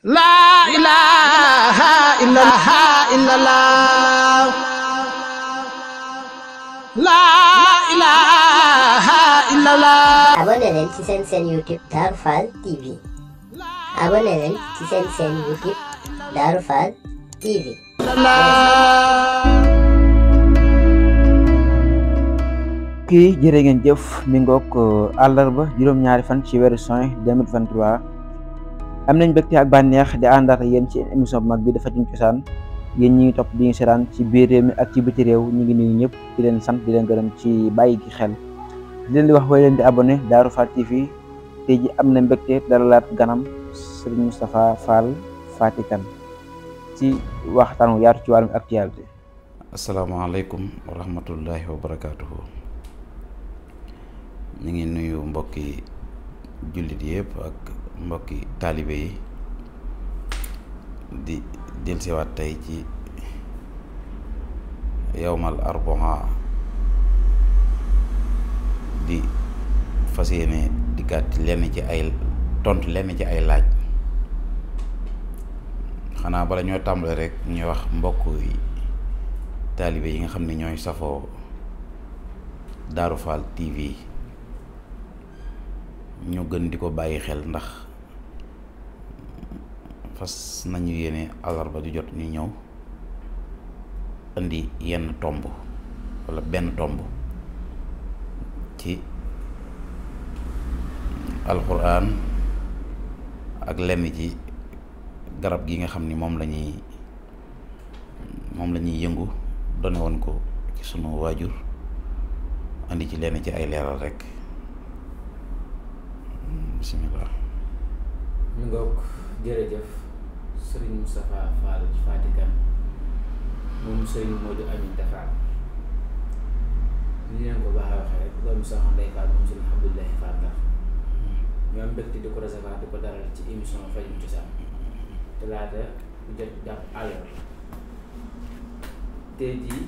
La ilaha illallah la illallah La ilaha illallah Abonne leen ci sen seen YouTube Darou TV abonne leen ci sen seen YouTube Darou TV kii jërë ngeen jëf mi ngok alarba juroom ñaari fan ci wéru juin 2023 am nañ bëgg ak banex di àndaat yeen ci émission bu mag bi dafa ci cosaan yeen ñi top di ñu seetaan ci biir réew mi ak ci biti réew ñi ngi nuyu ñëpp di leen sant di leen gërëm ci bayyi gi xel di leen di wax way leen di abonné daru Fall TV tey ji am na mbégte dalalaat ganam Serigne mustapha Fall fatikan Kane ci waxtaan wu yaatu ci wàllum actualité alaykum wa rahmatullahi wa barakatuh ñi ngi nuyu mbokki julit yépp ak mbokki taalibe yi di delsiwaat tey ci yowmal arboha di fas yéene dikkaat lenn ci ay tontu lenn ci ay laaj xanaa bala ñoo tàmbale rek ñuy wax mbokk yi taalibe yi nga xam ne ñooy safoo Darou Fall TV ñu gën di ko bàyyi xel ndax fas nañu yene alarba ju jot ñu ñew andi yenn tomb wala ben tomb ci alquran ak lemi ji garab gi nga xamni ni lañuy la lañuy la yëngu done won ko ci sunu wajur andi ci lenn ci ay leral rek bismillah. ñu ngoog sëriñ Moustapha Fall Fatick am moom sëriñ Modou Aminta Fall ñu leen ko baax a waxee rek loolu soxna Ndeye Fall moom sëriñ Abdoulaye Fall ndax ñu am mbégte di ko recevoir di ko daral ci émission fajum cosaan te laata bu jot daf àllar tey jii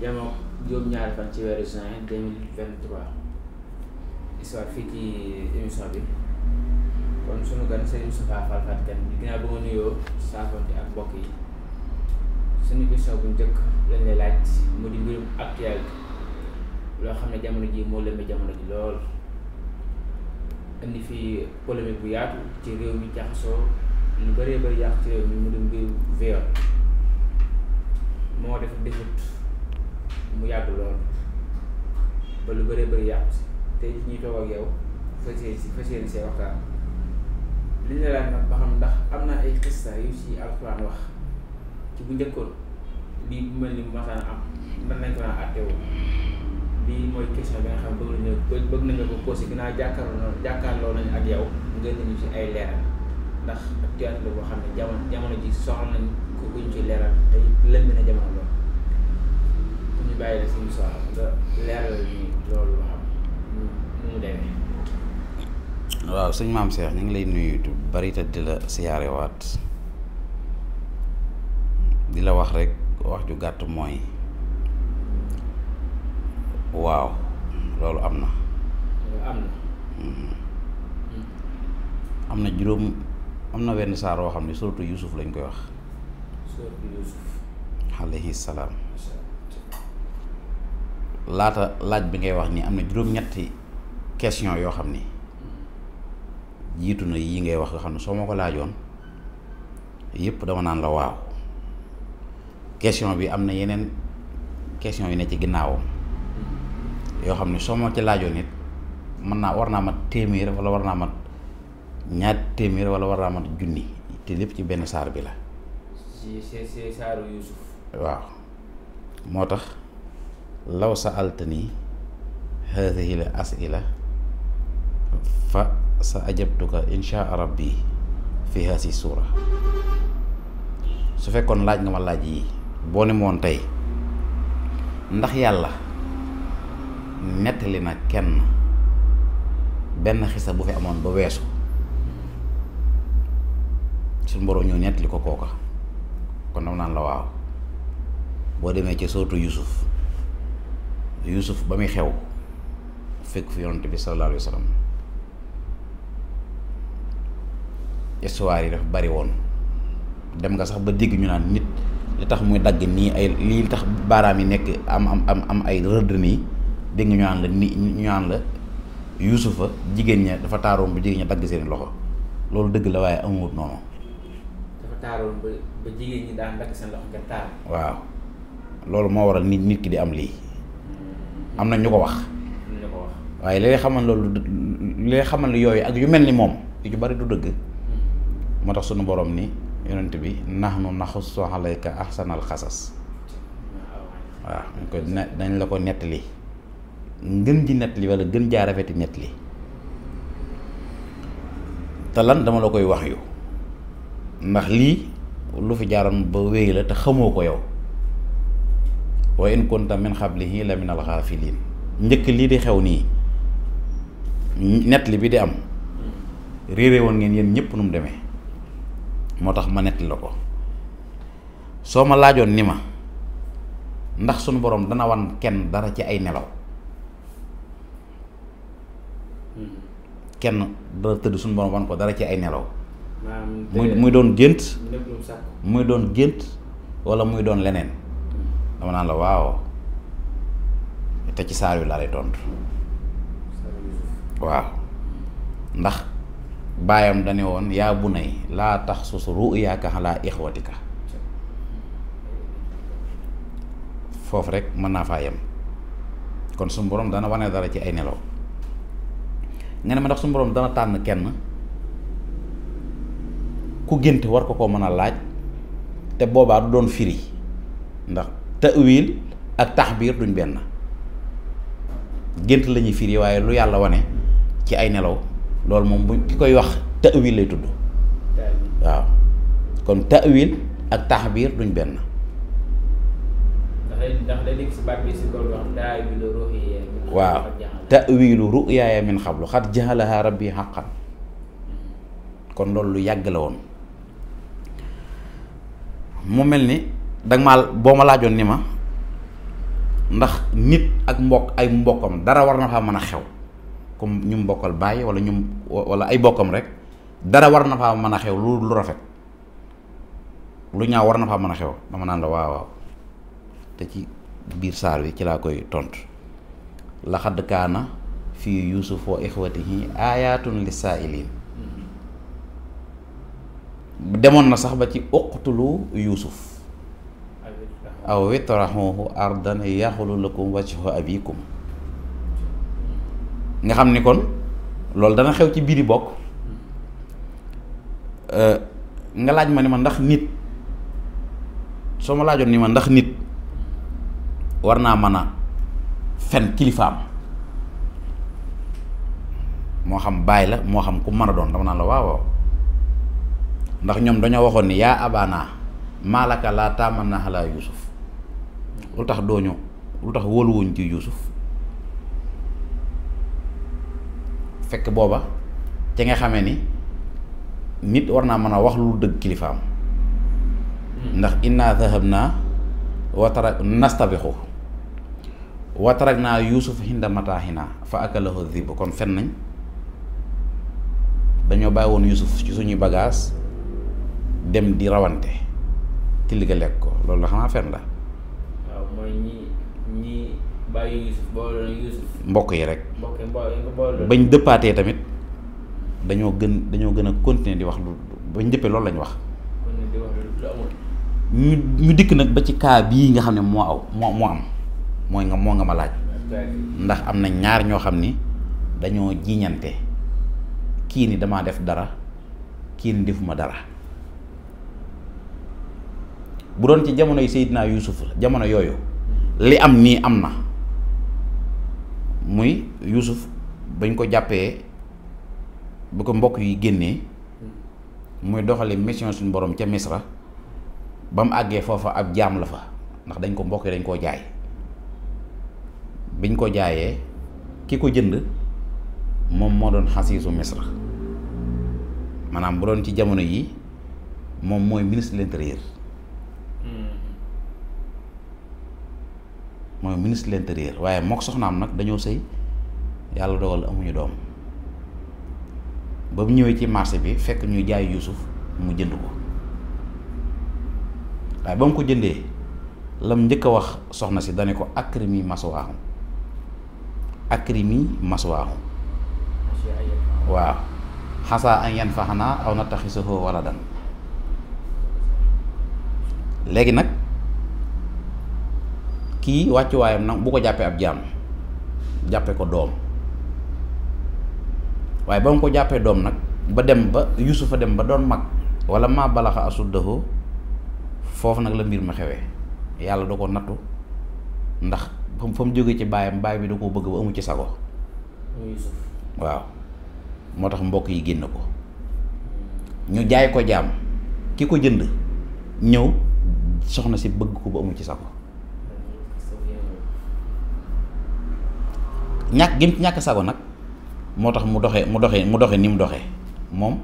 yamoo juróom-ñaari fan ci weeru juin deux mille vingt trois histoire fii ci émission bi. kon sunu gan sëriñ Moustapha Fall Fatick ginnaaw nuyo sa nuyoo saafonte ak bokki sunu ko question bu njëkk lañ lay laaj mu di mbirum actualité loo xam ne jamono ji mo leme jamono ji lol andi fi polemique bu yaatu ci rew mi jaxasoo lu bëree bëri yaax ci rew mi mu di mbirum veer mo def defut mu yàgg lol ba lu bëree bëri yaax si tey ñi toog ak yow fa ci fa ci ci waxtaan li ñu laaj ba xam ndax am na ay xista yu ci alxuraan wax ci bu njëkkoon bii bu mel ni masaan am nan nañ ko naan àtteewoo bii mooy question bi nga xam bëgg bëgg nañu ko posé ginnaaw jàkkaarloo jàkkaarloo nañu ak yow ngeen nañu ci ay leeral ndax ak tuyaat la boo xam ne jamono jamono ji soxla nañ ko kuñ ci leeral tey lënd na jamono lool ñu bàyyi la suñu soxla leeral ñu loolu loo xam nu mu demee. waaw sëñ maam Cheikh ñu ngi lay nuyu du bari te di la siyaarewaat di la wax rek wax ju gàtt mooy waaw loolu am na. Mm-hmm. am na. juróom am na wenn saar woo xam ne suratu Yuusuf lañ koy wax. suratu Yuusuf. alayhi salaam. laata laaj bi ngay wax nii am na juróom-ñetti question yoo xam ni. jiitu na yii ngay wax nga xam ne soo ma ko laajoon yëpp dama naan la waaw question bi am na yeneen question yu ne ci ginnaawam yoo xam ne soo ma ci laajoon it mën naa war naa mat téeméer wala war naa mat ñaar téeméer wala war naa mat junni te lépp ci benn saar bi la. si si saaru Yuusuf waaw moo tax law sa altani haadihi la fa. sa ajabtuka insha rabbi fi haasi suura su fekkoon laaj nga ma laaj yi boo ne moon tey ndax yàlla nettali na kenn benn xisa bu fi amoon ba weesu suñu mboro ñëw nettali ko kooka kon dama naan la waaw boo demee ci sootu yusuf yusuf ba muy xew fekk fi yonent bi sallallahu alayhi wa histoire yi dafa bari woon dem nga sax ba dégg ñu naan nit li tax muy dagg nii ay lii tax baaraam yi nekk am am am am ay rëdd nii dégg nga ñu naan la ni yuusufa jigéen ña dafa taaroon ba jigéen ña dagg seen loxo loolu dëgg la waaye amut noonu. dafa taaroon ba jigéen ñi daan dagg seen loxo nga taar. waaw loolu moo waral nit nit ki di am lii hmm. am na ñu ko wax. waaye li lay xamal loolu li lay xamal yooyu ak yu mel ni moom yu ci bari du dëgg. motax sunu borom ni yonent bi nahnu naxussu alayka ahsanal xasas waaw ñu ko dañ la ko netli ngën di netli wala gën ja rafeti netli ta lan dama la koy wax yu ndax li lu fi jaaram ba weey la te xamoko yow wa in kunta min qablihi la min al ghafilin njëkk li di xew ni netli bi di am réeré woon ngeen yéen ñëpp num mu demee moo tax ma nett la ko soo ma laajoon ni ma ndax sunu boroom dana wan kenn dara ci ay nelaw kenn dara tëdd sunu boroom wan ko dara ci ay nelaw muy muy doon gént muy doon gént walla muy doon leneen mm. dama naan la waaw te ci saar yu laa lay tontu waaw ndax baayam dane woon yaa bu nay laa tax susu ruyaaka xalaa ixwatika foofu rek mën naa faa yem kon su borom dana wane dara ci ay nelaw nga ma ndax suñu borom dana tànn kenn ku gént war ko koo mën a laaj te boobaa du doon firi ndax te ta'wil ak taxbiir duñ benn gént lañuy firi waaye lu yàlla wane ci ay nelaw loolu moom bu ki koy wax ta'wil lay tudd waaw kon ta'wil ak taxbiir duñ benn waaw ta'wilu ru'yaaya min xablu xat jahalaha rabbi xaqan kon loolu lu yàgg la woon mu mel ni danga boo ma laajoon ni ma ndax nit ak mbokk ay mbokkam dara war na faa mën a xew comme ñu mbokkal bàyyi wala ñu wala ay bokkam rek dara war na faa mën a xew lu lu rafet lu ñaaw war na faa mën a xew dama naan la waaw waaw te ci biir saar wi ci laa koy tontu laxad kaana fii yusuf wa ixwatihi aayatun lisaailiin demoon na sax ba ci uqtulu yusuf aw itrahuhu ardan yaxlu lakum wajhu abikum nga xam ni kon loolu dana xew ci bok bokk euh, nga laaj ma ni ma ndax nit soo ma laajoon ni ma ndax nit war naa mën a fen kilifaam moo xam baay la moo xam ku mën a doon dama naan la waaw ndax ñoom dañoo waxoon ni yaa abaana yusuf lu tax dooñu lu tax ci yusuf fekk booba te nga xamee ni nit war naa mën a wax lu dëgg kilifaam hmm. ndax inna dhahabna wa tarak nastabixu wa tarak naa hinda mataaxina fa akalahu dhib kon fen nañ dañoo bàyyi woon ci suñu bagage dem di rawante tilliga lekk ko loolu la waaw mooy ñi mbokk yi rek bañ dëppaatee tamit dañoo gën dañoo gën a di wax bañ dëppee loolu lañu wax ñu ñu dikk nag ba ci cas yi nga xam ne moo aw moo moo am mooy nga moo nga ma laaj ndax am na ñaar ñoo xam ni dañoo jiiñante kii ni damaa def dara kii ni defuma dara bu doon ci jamono yi Seydina Yuusuf la jamono yooyu li am nii am na muy Yuusuf bañ ko jàppee bu ko mbokk yi génnee muy doxale mission suñu borom ca Misra ba mu àggee foofa ab jaam la fa ndax dañ ko mbokk yi dañ koo jaay biñ ko jaayee ki ko jënd moom moo doon xasiisu Misra maanaam bu doon ci jamono yi moom mooy ministre de l'intérieur mooy ministre de l'intérieur waaye mook soxnaam nag dañoo sëy yàlla dogal amuñu doom ba mu ñëwee ci marché bi fekk ñuy jaay Yuusuf mu jënd ko waaye ba mu ko jëndee lam njëkk a wax soxna si dane ko akrimi maswaaxum akrimi maswaaxum waaw xasaa an yan faxanaa aw na taxi sa wala dan léegi nag waccu wayam nak bu ko jappé ab jam jappé ko dom waye bam ko jappé dom nak ba dem ba yusufa dem ba don mak wala ma balakha asuddahu foofu nak la mbir ma xewé yalla dako natou ndax fam fam joggé ci bayam bay bi dako bëgg ba amu ci sago waaw motax tax mbokk yi génn ko ñu jaay ko jam ki ko jënd ñew soxna ci bëgg ko ba amu ci sago ñàkk gim ci ñàkk sago nag moo tax mu doxee mu doxee mu doxe ni mu doxe moom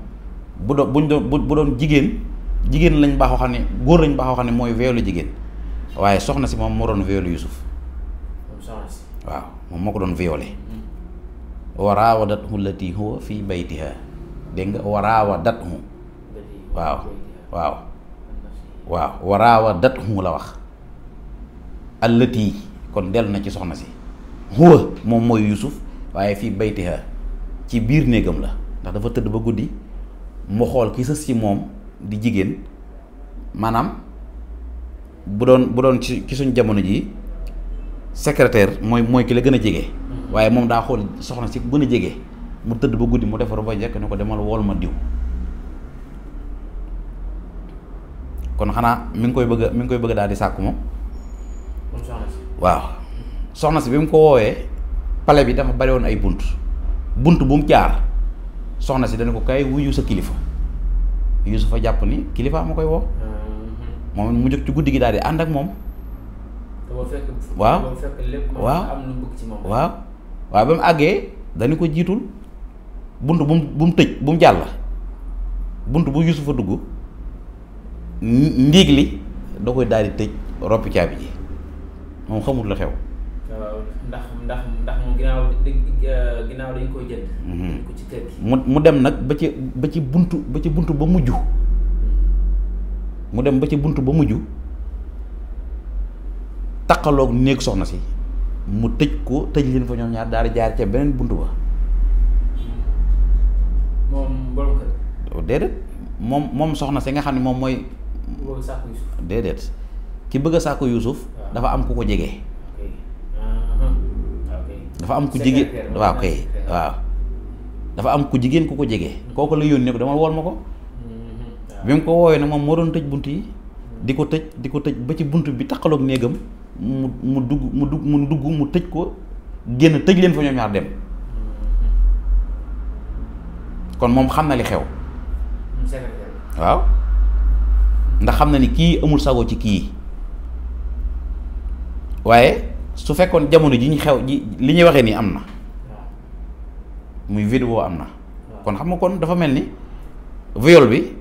bu doon doon bu doon jigéen jigéen lañ baaxoo xam ne góor lañ baaxoo xam ne mooy weelu jigéen waaye soxna si moom moo doon weelu Yuusuf waaw moom moo ko doon violé mm-hmm. wa raawadathu llati huwa fii baytiha dégg nga wa raawadathu waaw waaw waaw wa raawadathu la wax allati kon dellu na ci soxna si huwa mom moy yusuf waye fi baytiha ci bir negam la ndax dafa teud ba goudi mu xol ki sa ci mom di jigen manam bu don bu don ci ci suñ jamono ji secrétaire moy moy ki la gëna jigé waye mom da xol soxna ci bu na jigé mu teud ba goudi mu defaru ba jek ne demal wol ma diw kon xana mi ngi koy bëgg mi ngi koy bëgg daal di sakku moom waaw soxna si bi mu ko woowee pale bi dafa bari woon ay bunt bunt bu mu jaar soxna si dana ko kay wuyu sa kilifa Yuusufa jàpp ni kilifa ma koy woo mm-hmm. moom mu jóg ci guddi gi daal di ànd ak moom waaw waaw waaw waaw ba mu àggee dañu ko jiitul bunt bu mu bu mu tëj bu mu jàll bunt bu Yuusufa dugg ndiig li da koy daldi tëj roppi caabi ji moom xamul la xew ndax ndax ndax mu eh, mhm. ko ci kër gi. mu buntu ba ci buntu ba mujj. mu buntu ba mujj taqaloog néeg soxna si mu tëj ko tëj leen fa ñoom ñaar daal jaar ca beneen buntu ba. moom borom kër. Oh, déedéet moom moom soxna si dafa am ku ko dafa am ku jigéen dafa am ku jigéen ku ko jege. kooku la yónnee ko dama wool ma ko. Mm-hmm. bi mu ko woowee na moom moo doon tëj bunt yi. di ko tëj di ko tëj ba ci bunt bi taxaloog néegam mu mu dugg mu dugg mu dugg mu tëj ko génn tëj leen fa ñoom ñaar dem. Mm-hmm. kon moom xam na li xew. Mm-hmm. waaw. ndax xam na ni kii amul sago ci kii waaye. su fekkoon jamono ji ñi xew ji li ñi waxe ni amna amna muy vidéo amna kon xam nga kon dafa melni viol bi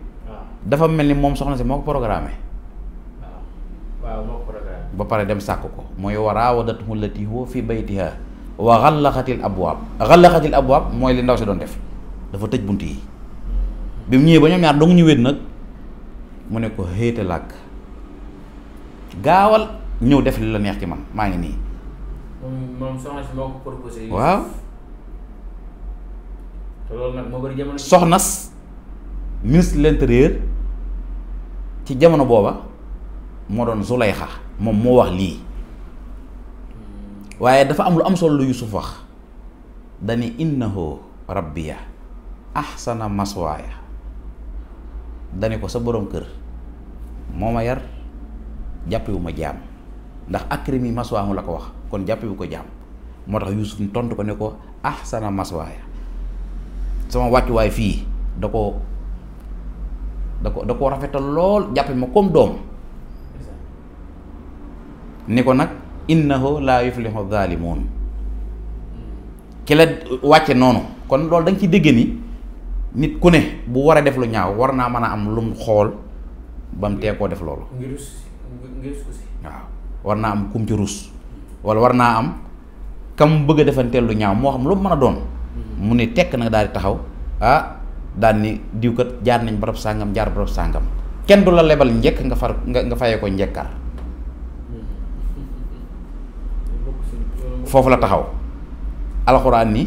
dafa melni mom soxna si moko programmé ba pare dem sakko ko wara wadat mulati hu fi baytiha wa xallaqatil abwab xallaqatil abwab moy li ndaw ci don def dafa tejj bunti yi mm-hmm. bimu ñewé ba ñom ñaar dong ñu wéet nak mu ne ko hété lak gawal ñeu def li la neex ci man ma ngi ni mom soxna ci moko proposer proposé. waaw. to lol nak mo bari jamono. soxna ministre de l'intérieur ci jamono boba mo don zulaykha mom mo wax li hmm. waye dafa am lu am solo lu Yuusuf wax dani innahu rabbiya ahsana maswaya dani ko sa boroom kër moo ma yar ma jamm ndax akrimi maswaahu la ko wax kon jappi bu ko jam motax yusuf tontu ko ne ko ahsana maswaaya sama waccu way fi dako dako dako da ko rafetal lool jàppe ma kom dom ne ko nak innahu la yuflihu zalimun wacce nono kon lol dang ci degge ni nit ku ne bu wara def lu ñaaw mana am lum xol am lum ko def mu ngir ngir ko ci waaw warna am kum ci rus wala warna am kam bëgg a lu ñaaw mo xam lu mëna doon hmm. mu ne tek nag daal taxaw ah daal ni diw kat jaar nañ barab sangam jaar barab sangam kenn du la lebal ñek nga far nga fayé ko njëkkaar fofu la taxaw alquran ni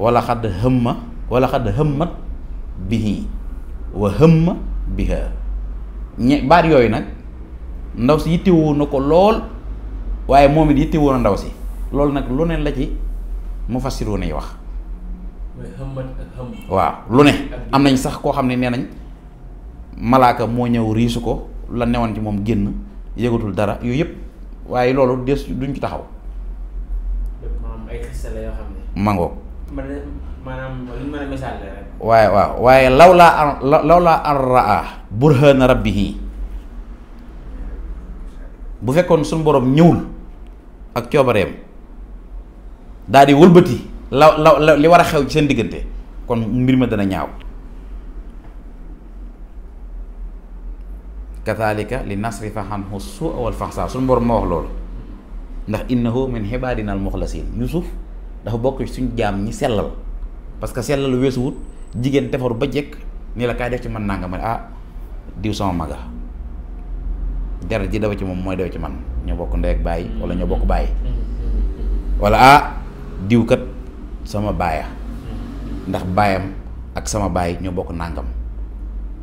wala khad hamma wala khad hammat bihi wa hamma biha ñe baat yoy nak ndaw si yittewoo na ko lool waaye moom it yittewoo na ndaw si loolu nag lu ne la ci mu fassiru nay wax. waaw lu ne am nañ sax koo xam ne nee nañ malaaka moo ñëw riisu ko la newoon ci moom génn yëgatul dara yooyu yëpp waaye loolu des duñ ci taxaw. ay yoo xam ne. mangoo. maanaam waaye waaw waaye law laa an law laa an raa burhana rabbihi bu fekkon sun borom ñewul ak dari daal di la la li wara xew ci sen digeunte kon mbir ma dana ñaaw kathalika li nasrifa anhu su'a wal fahsa sun borom mo wax lool ndax innahu min hibadina al mukhlasin yusuf dafa bokk sun jam ñi selal parce que selal weesuwut jigen defaru ba jek ni la kaay def ci man nanga ah diw sama maga deret ji dawa ci mom moy dawa ci man ño bokk ndey ak baye hmm. wala ño bokk baye wala ah diw kat sama baye hmm. ndax bayam ak sama baye ño bokk nangam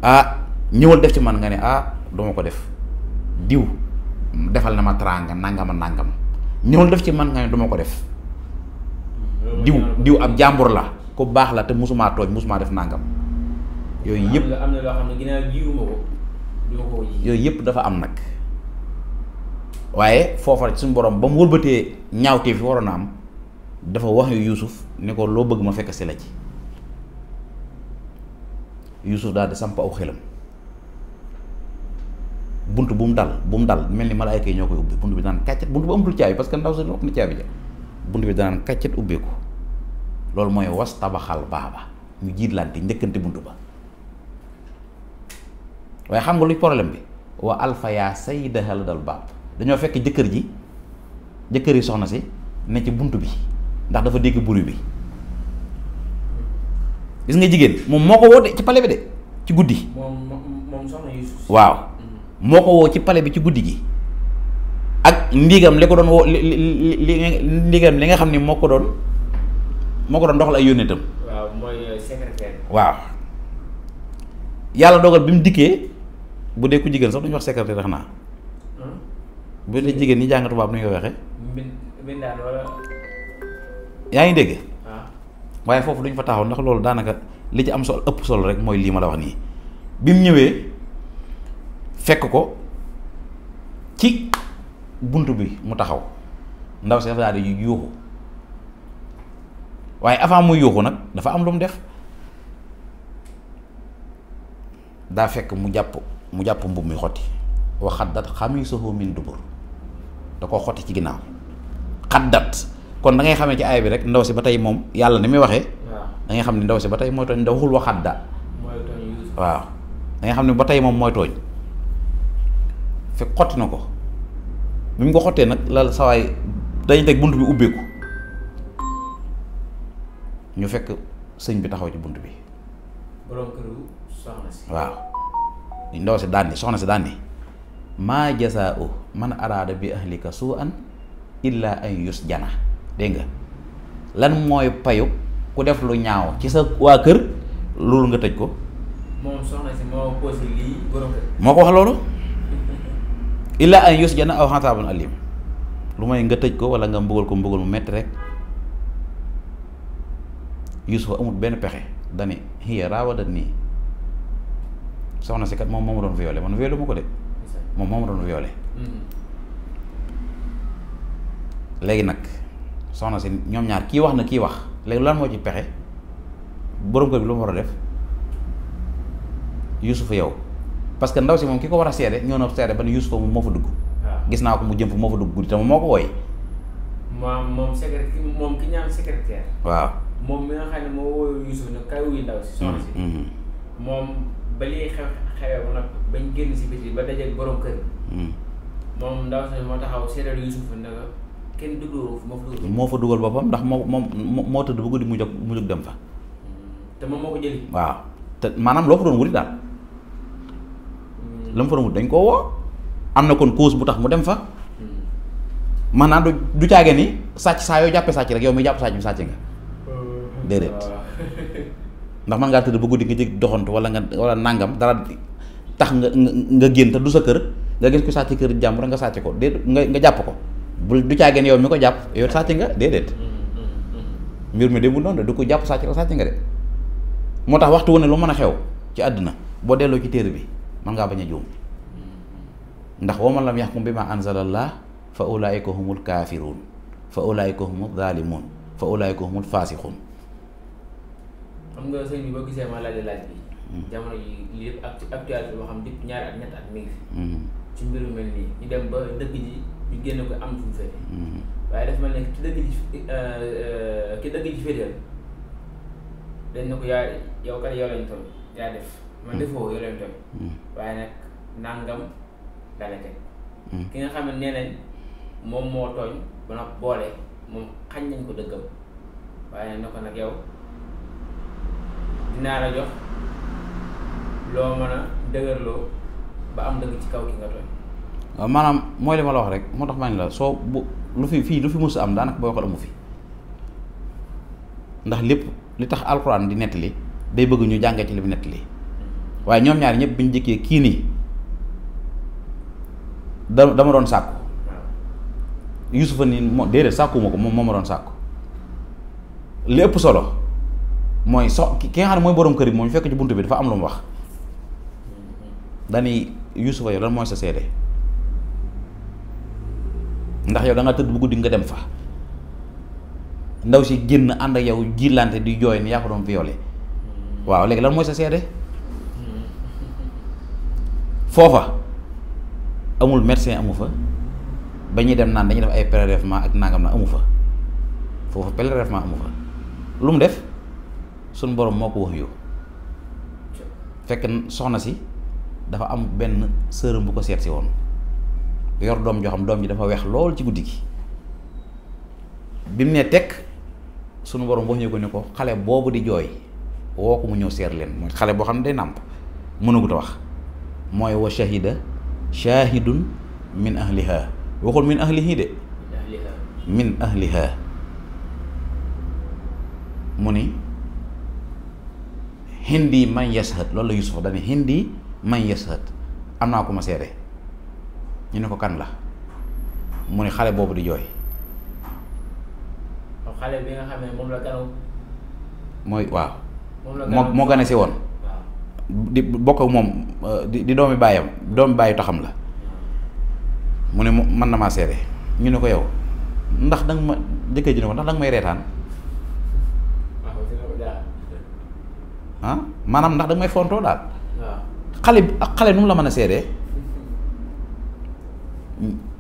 ah ñewul def ci man nga ne ah duma ko def diw defal na ma tranga nangam nangam ñewul def ci man nga ne duma ko def hmm. diw diw ab jambour la ku bax la te musuma toj musuma def nangam yoy yep am lo xamne ginaaw ne ko yooyu yëpp dafa am nag waaye foofa suñu borom ba mu wëlbatee ñaawtee fi waroon a am dafa wax yu Yuusuf ne ko loo bëgg ma fekk si la ci Yuusuf daal di samp aw xelam bunt bu mu dal bu mu dal mel ni malaayka yi ñoo koy ubbi bunt bi daan kàccat bunt bu amatul caabi parce que ndaw sa wax na caabi ja bunt bi daan kàccat ubbeeku loolu mooy was tabaxal baaba ñu jiit jiitlante njëkkante bunt ba waye xam nga luy problème bi wa alfa ya sayyidahal dal baab dañu fekk jëkkër ji jëkkër yi soxna ci ne ci buntu bi ndax dafa dégg buru bi gis nga jigéen moom moo ko ci bi de ci guddi waaw mm-hmm. moo ko ci palé bi ci guddi gi ak ndigam liko don li li ndigam li nga xamni moko don moko don doxal ay yonetam waaw moy secrétaire waaw yalla dogal bimu bu dee ku jigéen sox duñu wax secrétaire tax naa. Hmm? bu dee jigéen ñi jàng tubaab nu ñu koy waxee. yaa ngi dégg. Ah. waaye foofu duñ fa taxaw ndax loolu daanaka li ci am solo ëpp solo rek mooy lii ma la wax nii bi mu ñëwee fekk ko ci bunt bi mu taxaw ndaw si daal di yuuxu waaye avant muy yuuxu nag dafa am lu mu def daa fekk mu jàpp mu jàpp mbub mi xotti wa xaddat xamiisuhu min dubur da koo xotti ci ginnaaw xaddat kon da ngay xamee ci aay bi rek ndaw si ba tey moom yàlla ni muy waxee da xam ne ndaw si ba tey mooy tooñ ndaw waxul wa xadda waaw da xam ne ba tey moom mooy tooñ fekk xotti na ko bi ko xottee nag la sawaay dañu bunt bi ubbeeku ñu fekk sëñ bi taxaw ci bunt bi waaw ndaw si daan soxna si daan ni maa jasaau man araada bi ahlika suu an illa an yus jana dégg lan mooy payu ku def lu ñaaw ci sa waa kër loolu nga tëj ko. moom soxna si moo posé lii borom moo ko wax loolu. illa an yus jana aw xataabun alim lu may nga tëj ko wala nga mbugal ko mbugal mu metti rek Yuusufa amul benn pexe dani hiya raawadat nii soxna si kat moom moo ma doon violé man violé ma ko de moom doon violé mm-hmm. nag soxna si ñoom ñaar kii wax na kii wax léegi lan pexe borom war a def yow parce que ndaw si moom ki ko war a seede ñoo na ba ne Youssouf moom moo fa dugg. Ah. gis naa ko dugg guddi te moom secrétaire waaw moom mi nga xam ne moo wooyoo Youssouf nag kay wuyu ndaw si. soxna si mm-hmm. moom. ba lii xew xewee ba nag bañ génn si biti ba dajeeg borom kër. Hmm. moom ndaw si moo taxaw séeréer Yuusuf ne kenn dugaloo fu moo fa dugal boppam ndax moo moom moo bu guddi mu jóg mu jóg dem fa. Hmm. te moom moo ko waaw fa doon wuti daal. Hmm. la fa doon wut dañ koo woo. am kon cause bu tax mu dem fa. du du ni rek yow mi nga. Euh, ndax mën ngaa tëdd ba guddi nga jég doxantu wala nga wala nangam dara tax nga nga génn te du sa kër nga gis ko sàcc kër jàmbur nga sàcc ko déet nga nga jàpp ko bul du caageen yow mi ko jàpp yow sàcc nga déedéet mm, mm, mm, mbir mi de bu noonu du ko jàpp sàcc la nga moo tax waxtu wu ne lu mën a xew ci àdduna boo delloo ci téere bi mën ngaa bañ a juum ndax wa man lam yaxkum bi ma anzalallah fa ulaika humul kaafiruun fa ulaika humul zaalimuun fa ulaika humul faasiquun xam nga sëñ bi boo gisee ma laaj laaj bi. Mm-hmm. jamono yi lii yëpp act actualité boo xam ne ñaari at ñett at mi ngi fi. Mm-hmm. ci mbiru mel nii ñu dem ba dëgg ji ñu génn ko am suñu fete. Mm-hmm. waaye ne ki dëgg ji eh, eh, ki ko yaa yow kat yow lañ def. man defoo yow lañ waaye nag nangam la la teg. ki nga xam ne nee moom moo tooñ ba nag boole moom xañ nañ ko dëggam waaye nag nag yow. dina la jox lo meuna a dëgërloo ba am deug ci kaw ki nga toy manam moy li ma la wax rek motax tax la so lu fi fi lu fi musu am danak boo ko amu fi ndax lepp li tax alcorane di nettali day bëgg ñu jàngee ci li mu nettali waaye ñoom ñaar ñepp buñu ñu ki ni dama don sakku yusuf ni mo déedéet sàkkuwuma ko mo moo solo moy so ki nga xam moy borom kër bi fekk ci buntu bi dafa am lu mu wax dani Yuusufa yow lan moy sa sédé ndax yow da nga tëdd bu guddi nga dem fa ndaw ci genn and ak yow jilanté di jooy ni yaa ko doon violé waaw légui lan moy sa sédé fofa amul médecin amu fa ba ñuy dem naan dañu def ay prélèvement ak nangam na amu fa fofa prélèvement amu fa lu mu def Sun borom moko wax yo fekk soxna si dafa am ben seureum bu ko setti won yor dom jo xam dom ji dafa wex lool ci guddigi bim ne tekk sun borom wax ñuko ñuko di joy woo mu ñew seer len moy xale bo xam day namp mënu gu ta wax moy wa shahida shahidun min ahliha waxul min ahlihi de min ahliha muni hindi man yashat loolu la Yuusuf dane hindi man yashat am naa ko ma seede ñu ne ko kan la mu ne xale boobu di jooy oh, xale mooy waaw moo moo gane si woon di bokk moom euh, di di doomi bàyyam doomi bàyyi taxam la mu ne mën na maa seede ñu ne ko yow ndax danga ma jëkkër ji ne ko ndax danga may reetaan ah maanaam ndax da may fontoo daal. xale bi xale nu mu la mën a seedee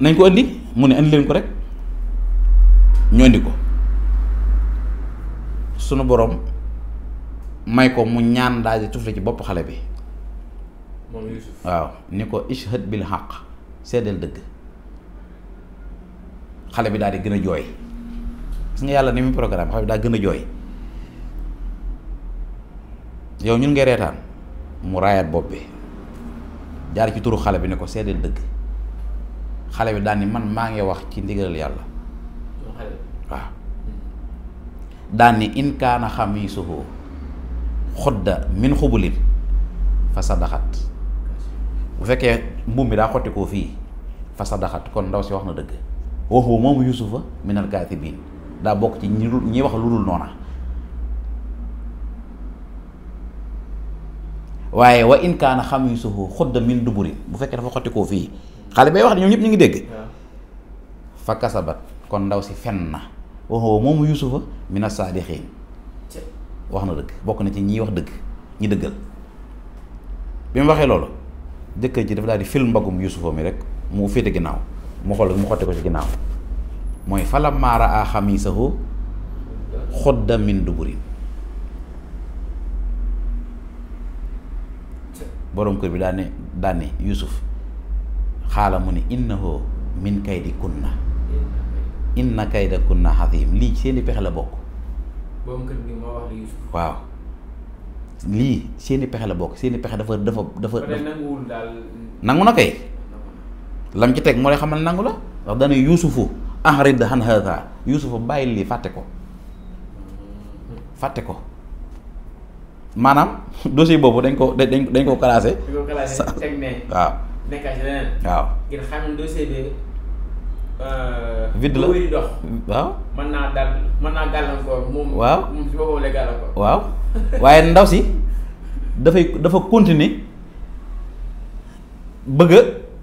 nañ ko andi mu ne andi leen ko rek ñu andi ko sunu borom may ko mu ñaan daal di tufle ci bopp xale bi. moom Yuusuf waaw ni ko ishhad bil haqq seedeel dëgg xale bi daal di gën a jooy gis nga yàlla ni muy programme xale bi daal gën a jooy. yow ñun ngay reetaan mu raayaat bopp bi jaar ci turu xale bi ne ko seedeel dëgg xale bi daal ni man maa ngi wax ci ndigalal yàlla waaw hmm. daal ni in kaana xamiisuhu xodda min xubulin fa sadaxat bu fekkee mbuum mi daa xotti koo fii fa sadaxat kon ndaw si wax na dëgg waxu moomu yusufa minal kaatibin daa bokk ci ñi wax lu dul noona waaye wa in kaana xam yu suhu xudda min duburin bu fekkee dafa xottikoo fii xale bay wax ñoom ñëpp ñu ngi dégg fa kasabat kon ndaw si fen na waxoo moomu yusufa mina saadixiin wax na dëgg bokk na ci ñi wax dëgg ñi dëggal bi mu waxee loolu jëkkër ji dafa daal di film mbagum yusufa mi rek mu féete ginnaaw mu xool mu xotti ko ci ginnaaw mooy fala maara a xamiisahu xudda min duburin borom kër bi daan ne daan Yuusuf xaala mu ne innahu min kaydi kunna inna kayda kunna xadim lii seen i pexe la bokk. borom kër waaw lii seen pexe la bokk seen i pexe dafa dafa dafa. nanguwul daal. nangu na kay. lam ci teg moo lay xamal nangu la ndax dana yuusufu ahrid han hada yuusufu bàyyi lii fàtte ko fàtte ko. maanaam dossier boobu dañ ko dañ dañ ko classé. dañ ko classé teg ne. waaw nekkaat ci leneen. waaw ngir xam dossier bi. Euh, vide la dox. waaw mën naa dal mën naa gàllankoor moom. moom si waaw waaye ndaw si dafay dafa continuer bëgg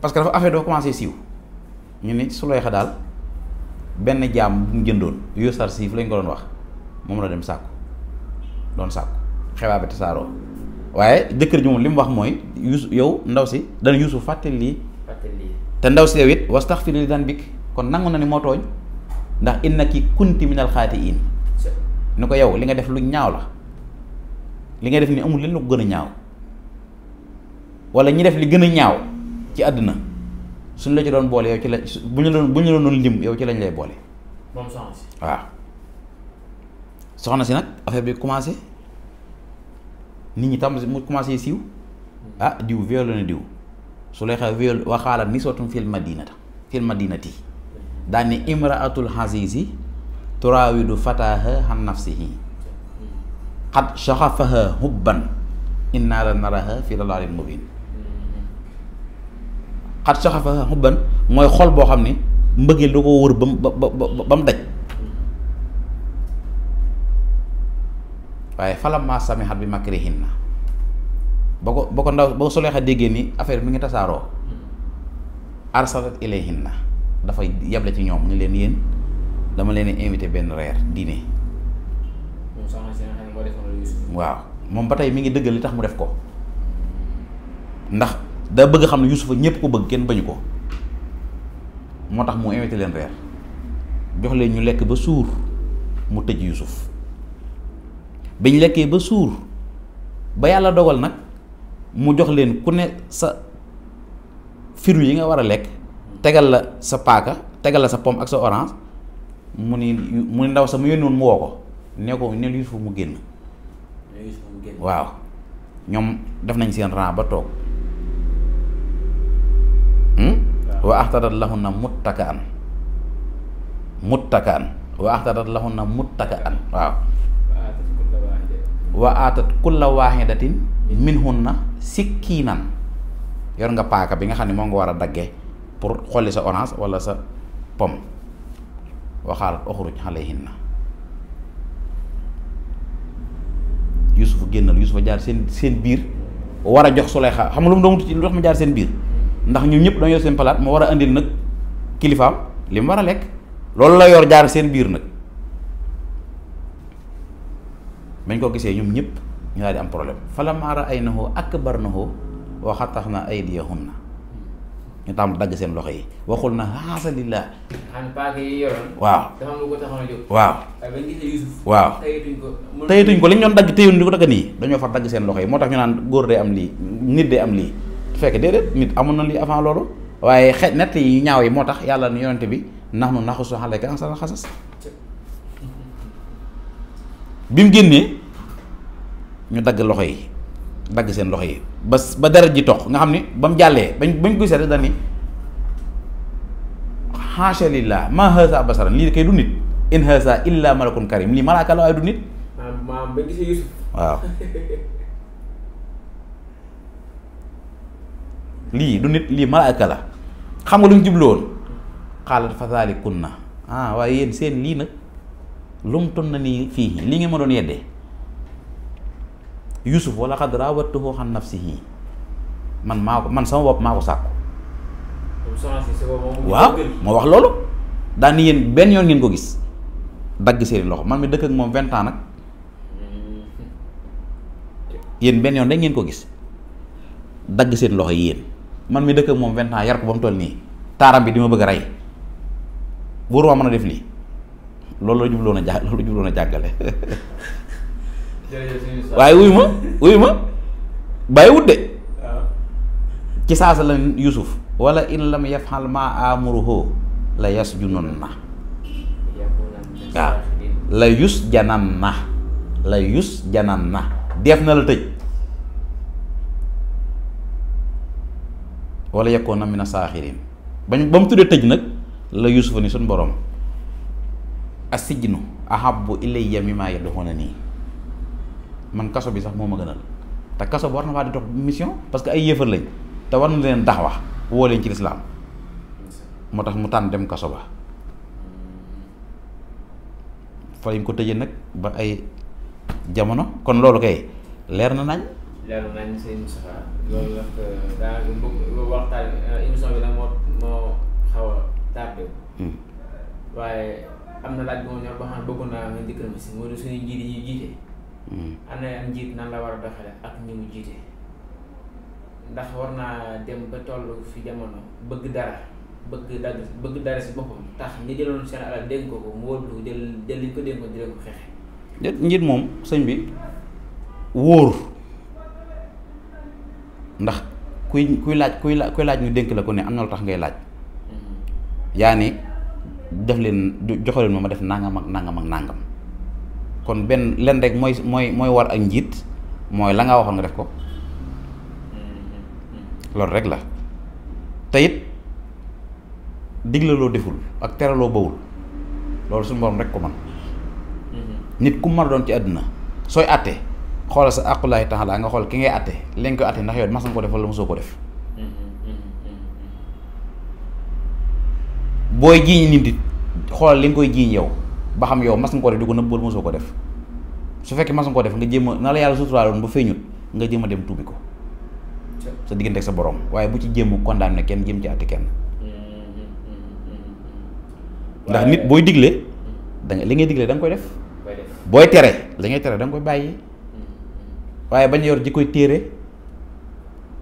parce que dafa affaire dafa commencé siiw ñu ne su lay xa daal benn jaam bu mu jëndoon yosar siif lañ ko doon wax moom la dem sàkku doon sàkku. xewaa bi tasaaroo waaye jëkkër ji moom li wax mooy yusu yow ndaw si dana yuusu fàttali lii te ndaw si yow it wastaxfir li daan bik kon nangu na ni moo tooñ ndax ki kunti minal xaatiin ni ko yow li nga def lu ñaaw la li nga def ni amul leen lu ko gën a ñaaw wala ñi def li gën a ñaaw ci àdduna suñ la ci doon boole yow ci la bu ñu la doon bu ñu la doon lim yow ci lañ lay boole. moom soxna si nag affaire bi commencé. nit ñi tam mu commencé siiw ah diw viol na diw su lay xew viol waxaala niswatum fil madinata fil madinati daan ne imraatul xasiisi turaawidu fataaha xan nafsihi xad shaxafaha hubban inna la naraha fi dalalin mubin xat soxafa xubban mooy xol boo xam ne mbëggeel da ko wër ba mu ba ba ba mu daj falam falammaa samihat bi makrihinna boko boko ba boko ndaw bo ko Suleyxa dege ni affaire mi ngi tassaro arsalat ilayhinna dafa yable ci ñom ñu leen yeen dama leen invité ben rer dîner waaw mom batay mi ngi deugal li tax mu def ko ndax da bëgg xam ne ñepp ko bëgg kenn bañu ko motax mu invité len rer jox leen ñu lek ba sour mu tejj Yusuf bañ lekké ba sour ba yalla dogal nak mu jox len ku ne sa firu yi nga wara lek tegal la sa paka tegal la sa pomme ak sa orange mu ni mu ndaw sa mu yennon mu ne ko ne lu fu mu genn waaw ñom def nañ seen rang ba hmm wa ahtadat lahunna muttakan muttakan wa ahtadat lahunna muttakan waaw wa aatat kulla waaxidatin minhunna sikkiinan yor nga paaka bi nga xam ne moo nga war a dagge pour xolli sa orange wala sa pomme waxaalat uxruj alayhinna yusufa génnal yusufa jaar seen seen biir war a jox su Suleyxa xam nga lu mu doon ci lu tax mu jaar seen biir ndax ñun ñëpp dañoo yor seen palaat mu war a indil nag kilifaam li mu war a lekk loolu la yor jaar seen biir nag bañ ko gisee ñoom ñëpp ñu daal di am problème maara ay falammaa raaynahu akbarnahu wa xataxna na ñu tàmm dagg seen loxo yi waxul na haasa lillah xam paaka yi yoroon waaw dafa lu ko taxoon a jóg waaw bañ gisee Yusuf waaw tayituñ ko tayituñ ko li ñu doon dagg tayuñ di ko dagg nii dañoo far dagg seen loxo yi moo tax ñu naan góor day am lii nit day am lii fekk déedéet nit amoon na lii avant loolu waaye xet nett yi ñaaw yi moo tax yàlla ni yonante bi nax nu naxusu xale ka sa xasas bi mu génnee ñu dagg loxo yi dagg seen loxo yi ba ba deret ji toq nga xam ne ba mu jàllee ba bañ koy seet rek dani xaasha lillah ma haasa basaran lii kay du nit in haasa illa malakun karim lii malaaka la waaye du nit waaw lii du nit lii malaaka la xam nga lu ñu jublu woon xaalat fa zaalikunna ah waaye yéen seen lii nag lumtun nani fihi fii li nga modon yedde yusuf wala qad rawatuhu han nafsihi man mako man sama bop mako ko wa mo wax lolu dan ni yéen benn loh. ngeen ko gis dag loxo man mi dekk ak mom 20 ans nak yéen ben yon da ngeen ko gis dag seen loxo man mi dekk ak mom 20 ans yar ko bam tol ni taram bi dima bëgg def li loolu la jubloon a jà loolu la jubloon a jàggale waaye wuyu ma wuyu ma bàyyiwut de ah. ci saasa la Yuusuf wala in lam yafal ma amuruhu la yasjunun na waaw la yus janan na la yus janan na def na la tëj wala yekkoon na mina saaxirin ba mu tuddee tëj nag la Yuusufa ni suñ borom asijnu ahabbu ilayya mimma yadkhuluni man kasso bi sax moma gënal ta kasso warna na di dox mission parce que ay yëfar lañ ta war na leen tax wax wo leen ci l'islam motax mu tan dem kasso ba fa yim ko teje nak ba ay jamono kon lolu kay leer na nañ leer na lolu nak da nga nag euh, daa waxtaan euh, émission bi nag mo moo xaw a tardé hmm. waaye am na laaj boo ñor ba xam ne bëggoon naa nga dikkal ma si mooy suñu njiit yi ñuy jiite. Hmm. ana am njiit nan la war a doxale ak ñi mu jiite ndax war naa dem ba toll fi jamono bëgg dara bëgg dara bëgg dara si boppam tax ñi jëloon seen alal dénk ko ko mu wóor jël jël liñ ko dénk ko di ko xeexe. déet njiit moom sëñ bi wóor ndax kuy kuy laaj kuy la kuy laaj ñu dénk la ko ne am na lu tax ngay laaj. Hmm. yaa ni def leen joxe leen ma ma def nangam ak nangam ak nangam kon benn len rek mooy mooy mooy war ak njiit mooy la nga waxoon nga def ko loolu rek la te it digle loo deful ak teraloo bawul loolu su borom rek ko man nit ku mën a doon ci àdduna sooy àtte xoolal sa aqulaay taala nga xool ki ngay àtte li nga koy àtte ndax yow mas nga ko def wala mosoo ko def. booy jiiñ nit xoolal li nga koy jiiñ yow ba xam yow mas nga ko def di mosoo ko def su fekkee mas nga ko def nga jéem a na la yàlla suturaaloon ba feeñut nga jéem a dem tuubi ko sa diggante ak sa borom waaye bu ci jéem a condamné kenn jëm ci àtte kenn ndax nit booy digle da li ngay digle da nga koy def booy tere li ngay tere da nga koy bàyyi waaye bañ yor ji koy téere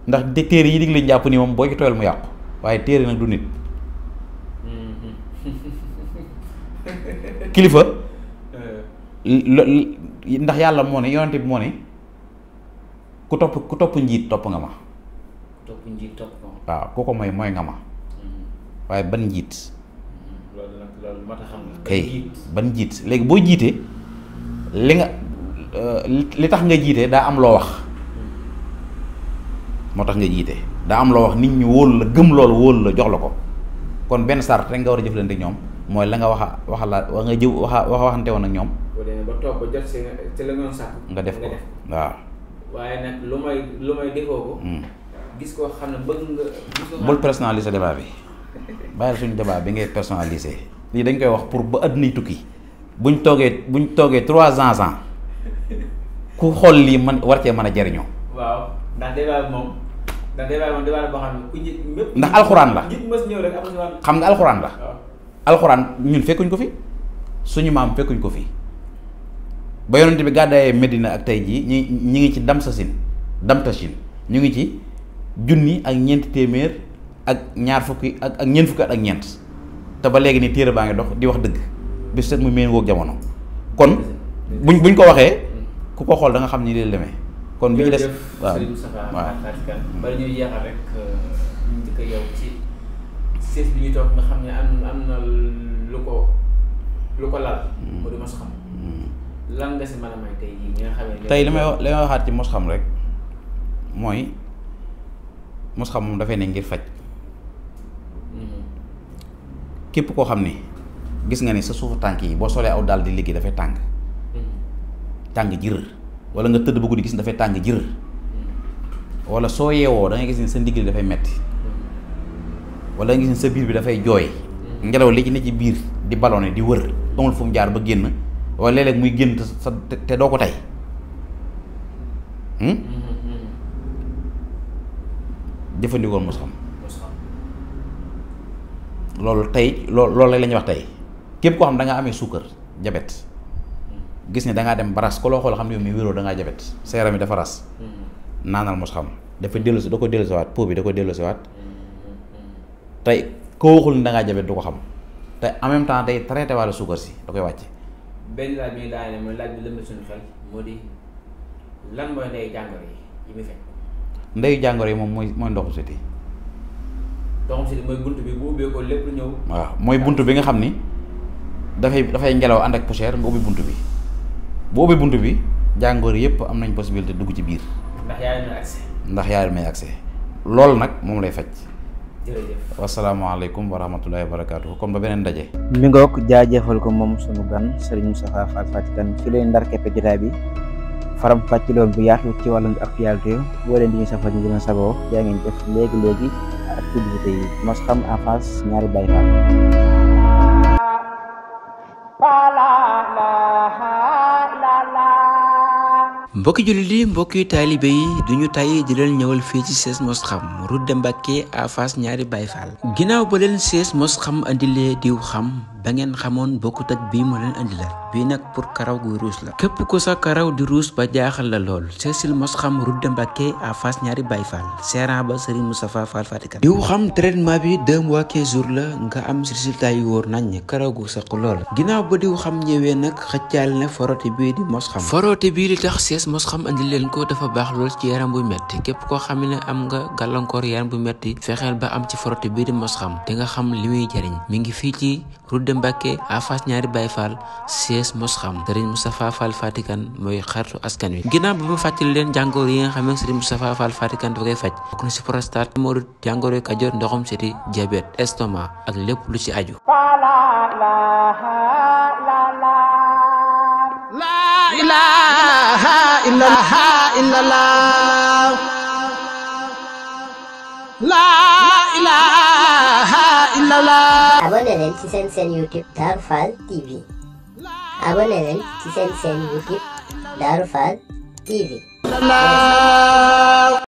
ndax téere yi digle njàpp ni moom boo ci tooyal mu yàqu waaye téere nag du nit kilifa euh. ndax yàlla moo ne yonent bi moo ne ku topp ku topp njiit topp nga ma njiit topp waaw ku ko mooy mooy nga ma mm-hmm. waaye ban njiit mm-hmm. loolu nag ban njiit léegi boo jiitee li nga euh, li tax nga jiitee daa am loo wax mm-hmm. moo tax nga jiitee daa am loo wax nit ñi wóolu la gëm lool wóolu la jox la ko kon benn sart rek nga war a jëflante ñoom mooy la nga wax waxalaat wa nga jëw wax waxante woon ak ñoom. boo demee ba toog ba jot si ci la nga sàkk nga def ko waaw. waaye nag lu may lu may ko. Hmm. xam ne bëgg nga. bul personnaliser débat bi bàyyil suñu débat bi ngay personnaliser lii dañ koy wax pour ba àdduna tukki buñ toogee buñ toogee trois ans ans ku xool lii man war cee mën a jariñoo. waaw ndax débat bi alxuraan la. xam nga alxuraan la. alxuraan ñun fekkuñ ko fi suñu maam fekkuñ ko fi ba yonent bi gàddaayee Medina ak tey jii ñi ñi ngi ci damsasin damtasin ñu ngi ci junni ak ñeent téeméer ak ñaar fukki ak ak ñeent fukki ak ñeent te ba léegi ni téere baa ngi dox di wax dëgg bis set mu meen woog jamono kon buñ buñ ko waxee ku ko xool da nga xam ni lii demee kon bi euh, ñu des waaw sees bi ñuy toog nga xam ne am am na lu ko lu mm. mm. li may li may waxaat ci mos xam rek mooy mos xam moom dafay ne ngir faj. Mm-hmm. képp koo xam ni gis nga ni sa suufu tànk yi boo solee aw dal di liggéey dafay tàng. Mm-hmm. tàng jër wala nga tëdd ba guddi gis ni dafay tàng jër. Mm-hmm. wala soo yeewoo da ngay gis ni sa ndigli dafay metti wala nga gis sa biir bi dafay jooy ngelaw li ci ne ci biir di ballonné di wër amul fu mu jaar ba génn wala léeg muy génn sa te doo ko tey hmm? jëfandikoon mos xam loolu tey loolu la ñuy wax tey képp koo xam da ngaa amee suukar jabet gis ne da ngaa dem baras ko loo xool xam ne yow mi wéroo da ngaa jabet sa yaram mi dafa ras hmm. naanal mos xam dafa dellusi da ko dellusiwaat po bi da ko dellusiwaat tey koo waxul ni da jabet du ko xam te en même temps day traité wàllu suukar si da koy wàcc. benn laaj bi ñu daane mooy laaj bi lëmb suñu xel moo di lan mooy ndeyu jàngoro yi moom mooy mooy ndoxum siti. mooy bunt bi bu ubbee lépp ñëw. waaw mooy bunt bi nga xam ni dafay dafay ngelaw ànd ak poussière nga ubbi bunt bi bu ubbi bunt bi jàngoro yëpp am nañ possibilité dugg ci biir. ndax yaa ngi may accès. ndax yaa ngi may accès nag moom lay faj. Wassalamualaikum warahmatullahi wabarakatuh. kon ba benen dajé mi ngoog jaajëfal ko mom sunu gan Serigne Moustapha Fall Faty Kane fi leen ndar keppe jotaay bi faram fàcc loon bu yaatu ci wàllum actualité boo leen di ñu safal ñu gën a saboo ngeen def léegi léegi activité yi mos xam en face ñaari bayfa pala mbokki jullit yi mbokki taalibe yi ñu tàyyi di leen ñëwal fii ci sees mos xam route de Mbacké à Fass ñaari Baye Fall ginnaaw ba leen sees mos xam andilee diw xam ba ngeen xamoon tak ak bii ma leen andi la bi nak pour karaw gu ruus la kep ko sa karaw di ruus ba jaaxal la lol cecil mos xam rudde Mbacké à face ñaari bayfal Fall seran ba Serigne Moustapha Fall fatikat diw xam traitement bi deux mois ke jour la nga am resultat yu wor nañ karaw gu saq lol ginaaw ba di xam ñewé nak xatial na foroti bi di mos xam foroti bi li tax sees mos xam andi leen ko dafa bax lol ci yaram bu metti kep ko xam am nga galankor yaram bu metti fexel ba am ci foroti bi di mos xam te nga xam limuy jariñ mi ngi fi ci rudde mbake afas ñaari Baay Faal sees mosxam Serigne mustapha Fall Fatikan moy xartu askan wi ginnaaw bu mu fàttali leen jàngoor yi nga xam ne Serigne mustapha Fall Fatikan da koy faj bokk na si prostate moo du jàngoor yu kajoor ndoxum di diabète estomac ak lépp lu ci aju la ilaha subhanallah abonné leen ci seen seen youtube Darfal TV Abonnez-vous sur seen seen youtube Darfal Fall TV